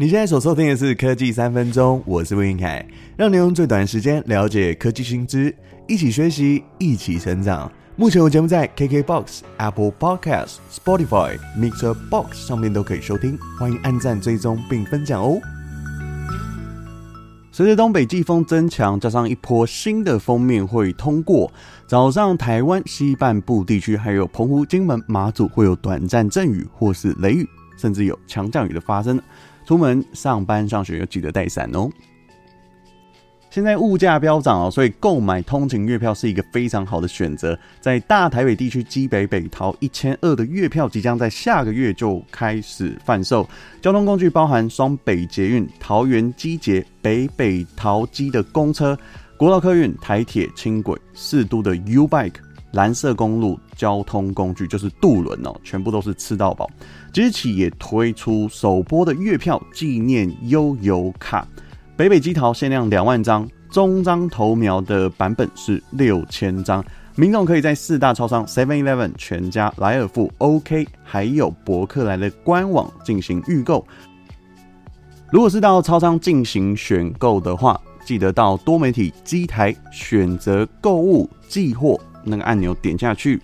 你現在所收聽的是《科技三分鐘》，我是吳晏愷，讓你用最短時間了解科技新知，一起學習，一起成長。目前，我節目在 KKBOX、Apple Podcast、Spotify、Mixer Box 上面都可以收聽，歡迎按讚、追蹤並分享哦。隨着東北季風增強，加上一波新的鋒面會通過，早上台灣西半部地區還有澎湖、金門、馬祖會有短暫陣雨或是雷雨，甚至有強降雨的發生。出門上班上學，要記得帶傘哦。現在物價飆漲哦，所以購買通勤月票是一個非常好的選擇。在大台北地區基北北桃一千二的月票，即將在下個月就開始販售。交通工具包含雙北捷運、桃園機捷、北北桃基的公車、國道客運、台鐵、輕軌、四都的 U Bike。藍色公路交通工具就是渡輪哦，全部都是吃到飽。即日起也推出首波的月票紀念悠遊卡，北北基桃限量兩萬張，中彰投苗的版本是六千張。民眾可以在四大超商 Seven Eleven、全家、萊爾富、OK，還有博客來的官網進行預購。如果是到超商進行選購的話，記得到多媒體機台選擇購物寄貨。那個按鈕點下去，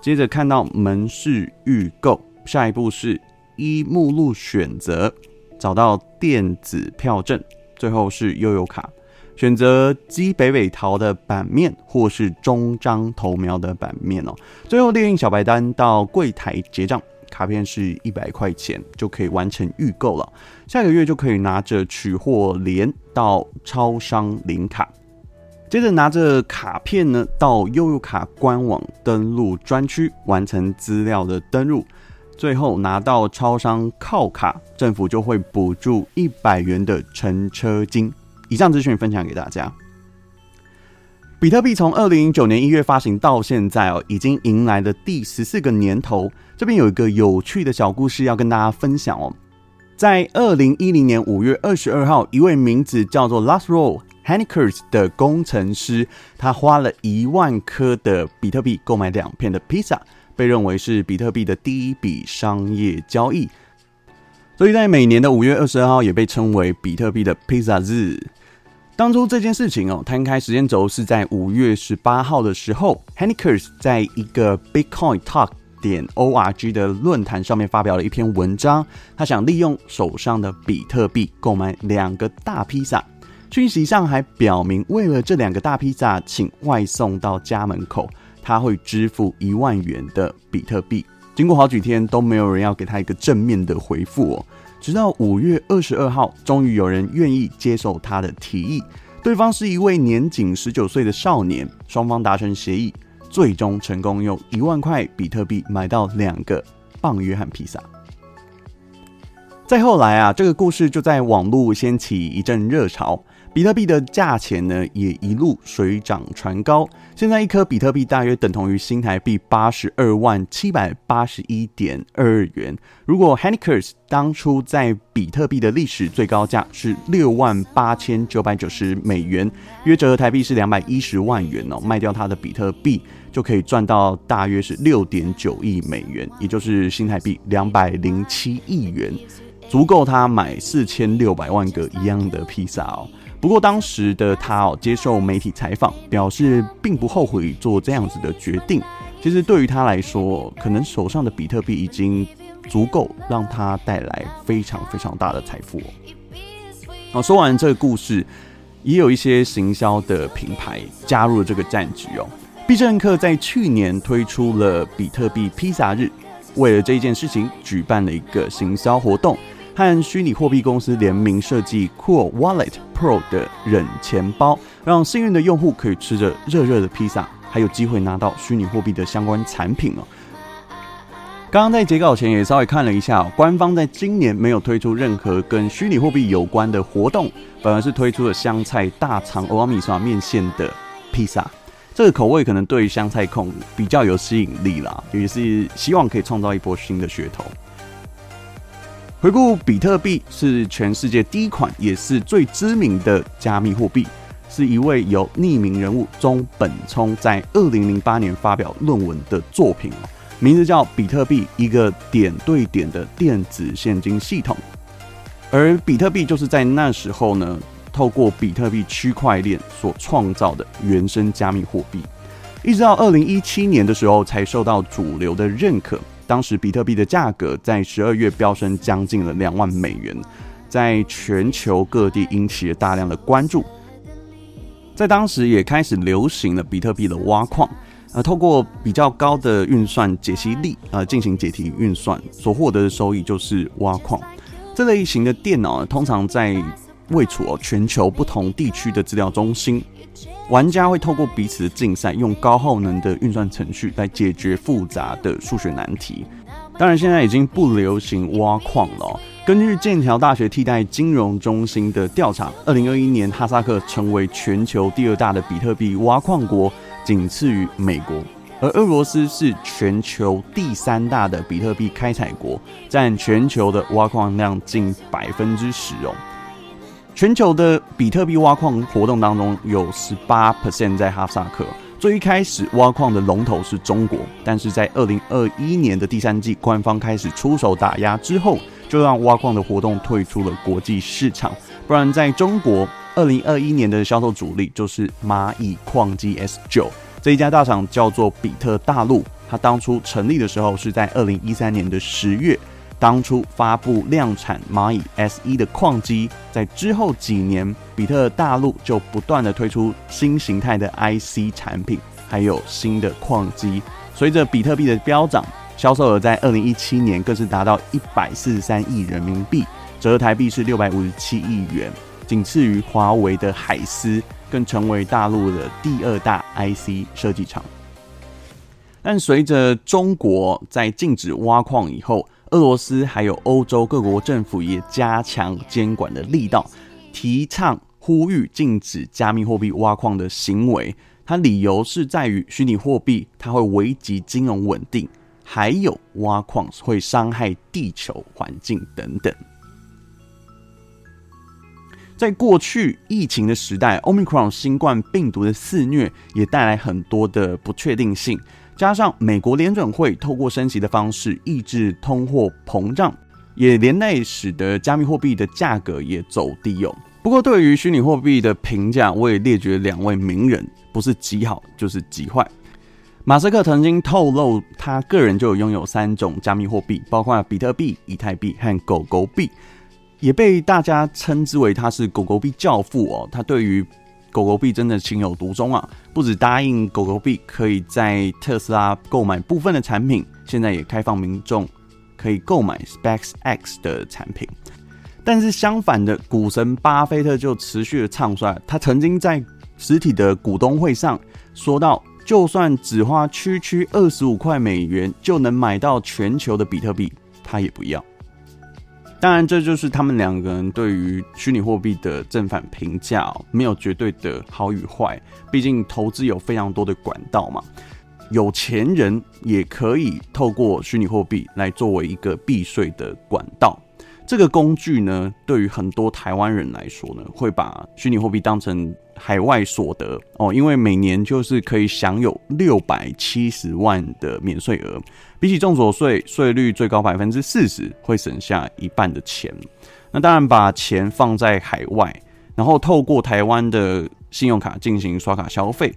接着看到門市預購，下一步是依目錄選擇，找到電子票證，最後是悠遊卡，選擇基北北桃的版面或是中彰投苗的版面哦。最後列印小白單到櫃台結賬，卡片是一百塊錢就可以完成預購了，下個月就可以拿着取貨聯到超商領卡。接着拿着卡片呢，到悠遊卡官網登錄專區，完成資料的登入。最後拿到超商靠卡，政府就會補助一百元的乘車金。以上資訊分享給大家。比特幣從二零零九年一月發行到現在哦，已經迎來了第十四個年頭。這邊有一個有趣的小故事要跟大家分享哦。在二零一零年五月二十二號，一位名字叫做 Laszlo。Hannickers 的工程師，他花了一萬顆的比特幣購買兩片的披薩，被認為是比特幣的第一筆商業交易。所以在每年的五月二十二號，也被稱為比特幣的披薩日。當初這件事情哦，攤開時間軸是在五月十八號的時候，Hannickers 在一個 BitcoinTalk 點 org 的論壇上面發表了一篇文章，他想利用手上的比特幣購買兩個大披薩。訊息上還表明，為了這兩個大披薩，請外送到家門口，他會支付一萬元的比特幣。經過好幾天都沒有人要給他一個正面的回覆哦，直到五月二十二號，終於有人願意接受他的提議。對方是一位年僅十九歲的少年，雙方達成協議，最終成功用一萬塊比特幣買到兩個棒約翰披薩。再後來啊，這個故事就在網絡掀起一陣熱潮，比特幣的價錢呢也一路水漲船高。現在一顆比特幣大約等同於新台幣八十二萬七百八十一點二元。如果 Hannickers 當初在比特幣的歷史最高價是六萬八千九百九十美元，約折合台幣是兩百一十萬元哦，賣掉他的比特幣就可以賺到大約是六點九億美元，也就是新台幣兩百零七億元。足夠他買四千六百萬個一樣的披薩哦。不過當時的他哦、喔，接受媒體採訪，表示並不後悔做這樣子的決定。其實對於他來說，可能手上的比特幣已經足夠讓他帶來非常非常大的財富哦、喔喔。好，說完這個故事，也有一些行銷的品牌加入了這個戰局哦、喔。必勝客在去年推出了比特幣披薩日，為了這件事情舉辦了一個行銷活動。和虛擬貨幣公司聯名設計 Cool Wallet Pro 的冷錢包，讓幸運的用戶可以吃着熱熱的披薩，還有機會拿到虛擬貨幣的相關產品哦。剛剛在截稿前也稍微看了一下，哦，官方在今年沒有推出任何跟虛擬貨幣有關的活動，反而是推出了香菜大腸歐巴米索麵線的披薩，這個口味可能對於香菜控比較有吸引力啦，也是希望可以創造一波新的噱頭。回顧，比特幣是全世界第一款也是最知名的加密貨幣，是一位由匿名人物中本聰在二零零八年發表論文的作品，名字叫《比特幣：一個點對點的電子現金系統》。而比特幣就是在那時候呢，透過比特幣區塊鏈所創造的原生加密貨幣，一直到二零一七年的時候才受到主流的認可。當時比特幣的價格在十二月飆升，將近了兩萬美元，在全球各地引起了大量的關注。在當時也開始流行了比特幣的挖礦，呃，透過比較高的運算解析力，呃，進行解題運算所獲得的收益就是挖礦。這類型的電腦通常在，位處、哦、全球不同地區的資料中心，玩家會透過彼此競賽，用高耗能的運算程序來解決複雜的數學難題。當然，現在已經不流行挖礦了、哦。根據劍橋大學替代金融中心的調查，二零二一年哈薩克成為全球第二大的比特幣挖礦國，僅次於美國；而俄羅斯是全球第三大的比特幣開採國，占全球的挖礦量近百分之十。哦全球的比特幣挖礦活動當中有十八 percent 在哈薩克。最一開始挖礦的龍頭是中國，但是在二零二一年的第三季，官方開始出手打壓之後，就讓挖礦的活動退出了國際市場。不然，在中國，二零二一年的銷售主力就是螞蟻礦機 S 九，這一家大廠叫做比特大陸。它當初成立的時候是在二零一三年的十月。當初發布量產螞蟻 S 1的礦機，在之後幾年，比特大陸就不斷的推出新形態的 IC 產品，還有新的礦機。隨着比特幣的飆漲，銷售額在二零一七年更是達到一百四十三億人民幣，折台幣是六百五十七億元，僅次於華為的海思，更成為大陸的第二大 IC 設計廠。但隨着中國在禁止挖礦以後，俄羅斯還有歐洲各國政府也加強監管的力道，提倡呼籲禁止加密貨幣挖礦的行為。它理由是在於虛擬貨幣它會危及金融穩定，還有挖礦會傷害地球環境等等。在過去疫情的時代，Omicron 新冠病毒的肆虐也帶來很多的不確定性。加上美國聯準會透過升息的方式抑制通貨膨脹，也連累使得加密貨幣的價格也走低哦。不過，對於虛擬貨幣的評價，我也列舉兩位名人，不是極好就是極壞。馬斯克曾經透露，他個人就有擁有三種加密貨幣，包括比特幣、以太幣和狗狗幣，也被大家稱之為他是狗狗幣教父哦。他對於狗狗幣真的情有獨鍾啊！不只答應狗狗幣可以在特斯拉購買部分的產品，現在也開放民眾可以購買 SpaceX 的產品。但是相反的，股神巴菲特就持續的唱衰，他曾經在實體的股東會上說到，就算只花區區二十五塊美元就能買到全球的比特幣，他也不要。當然，這就是他們兩個人對於虛擬貨幣的正反評價，哦，沒有絕對的好與壞。畢竟投資有非常多的管道嘛，有錢人也可以透過虛擬貨幣來作為一個避稅的管道。這個工具呢，對於很多台灣人來說呢，會把虛擬貨幣當成海外所得哦，因為每年就是可以享有六百七十萬的免稅額，比起綜所稅稅率最高百分之四十，會省下一半的錢。那當然把錢放在海外，然後透過台灣的信用卡進行刷卡消費，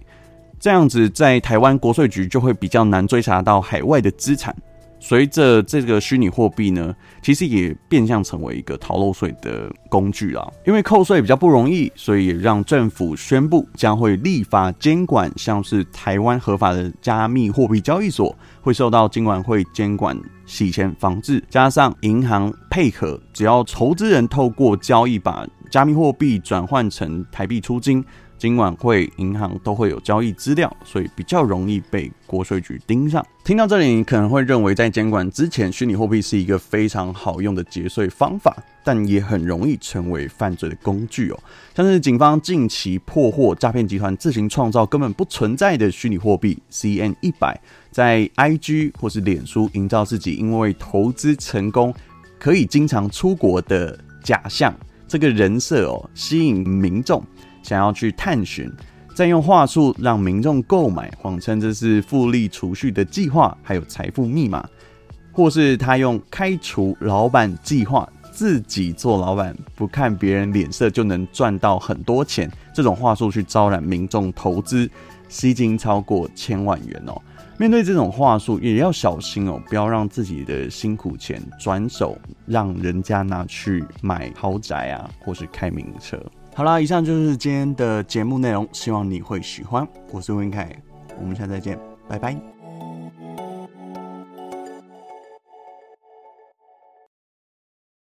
這樣子在台灣國稅局就會比較難追查到海外的資產。隨着這個虛擬貨幣呢，其實也變相成為一個逃漏稅的工具啦。因為扣稅比較不容易，所以也讓政府宣布將會立法監管，像是台灣合法的加密貨幣交易所會受到金管會監管、洗錢防治，加上銀行配合，只要投資人透過交易把加密貨幣轉換成台幣出金。今管會銀行都會有交易資料，所以比較容易被國稅局盯上。聽到這裡，你可能會認為，在監管之前，虛擬貨幣是一個非常好用的結稅方法，但也很容易成為犯罪的工具哦。像是警方近期破獲詐騙集團，自行創造根本不存在的虛擬貨幣 CN 一百，CN100，在 IG 或是臉書營造自己因為投資成功可以經常出國的假象，這個人設哦，吸引民眾。想要去探尋，再用話術讓民眾購買，謊稱這是複利儲蓄的計劃，還有財富密碼，或是他用開除老板計劃，自己做老板，不看別人臉色就能賺到很多錢，這種話術去招攬民眾投資，吸金超過千萬元哦。面對這種話術也要小心哦，不要讓自己的辛苦錢轉手讓人家拿去買豪宅啊，或是開名車。好了，以上就是今天的節目內容，希望你會喜歡。我是晏愷，我們下次再見，拜拜。